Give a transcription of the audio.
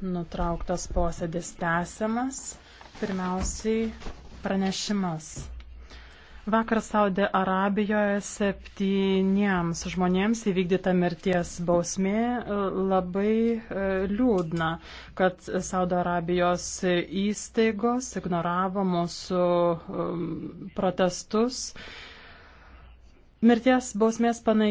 Nutrauktas posėdis tęsiamas. Pirmiausiai pranešimas. Vakar Saudė Arabijoje septyniems žmonėms įvykdyta mirties bausmė e, labai e, liūdna, kad Saudo Arabijos įstaigos ignoravo mūsų protestus. Mirties bausmės panai.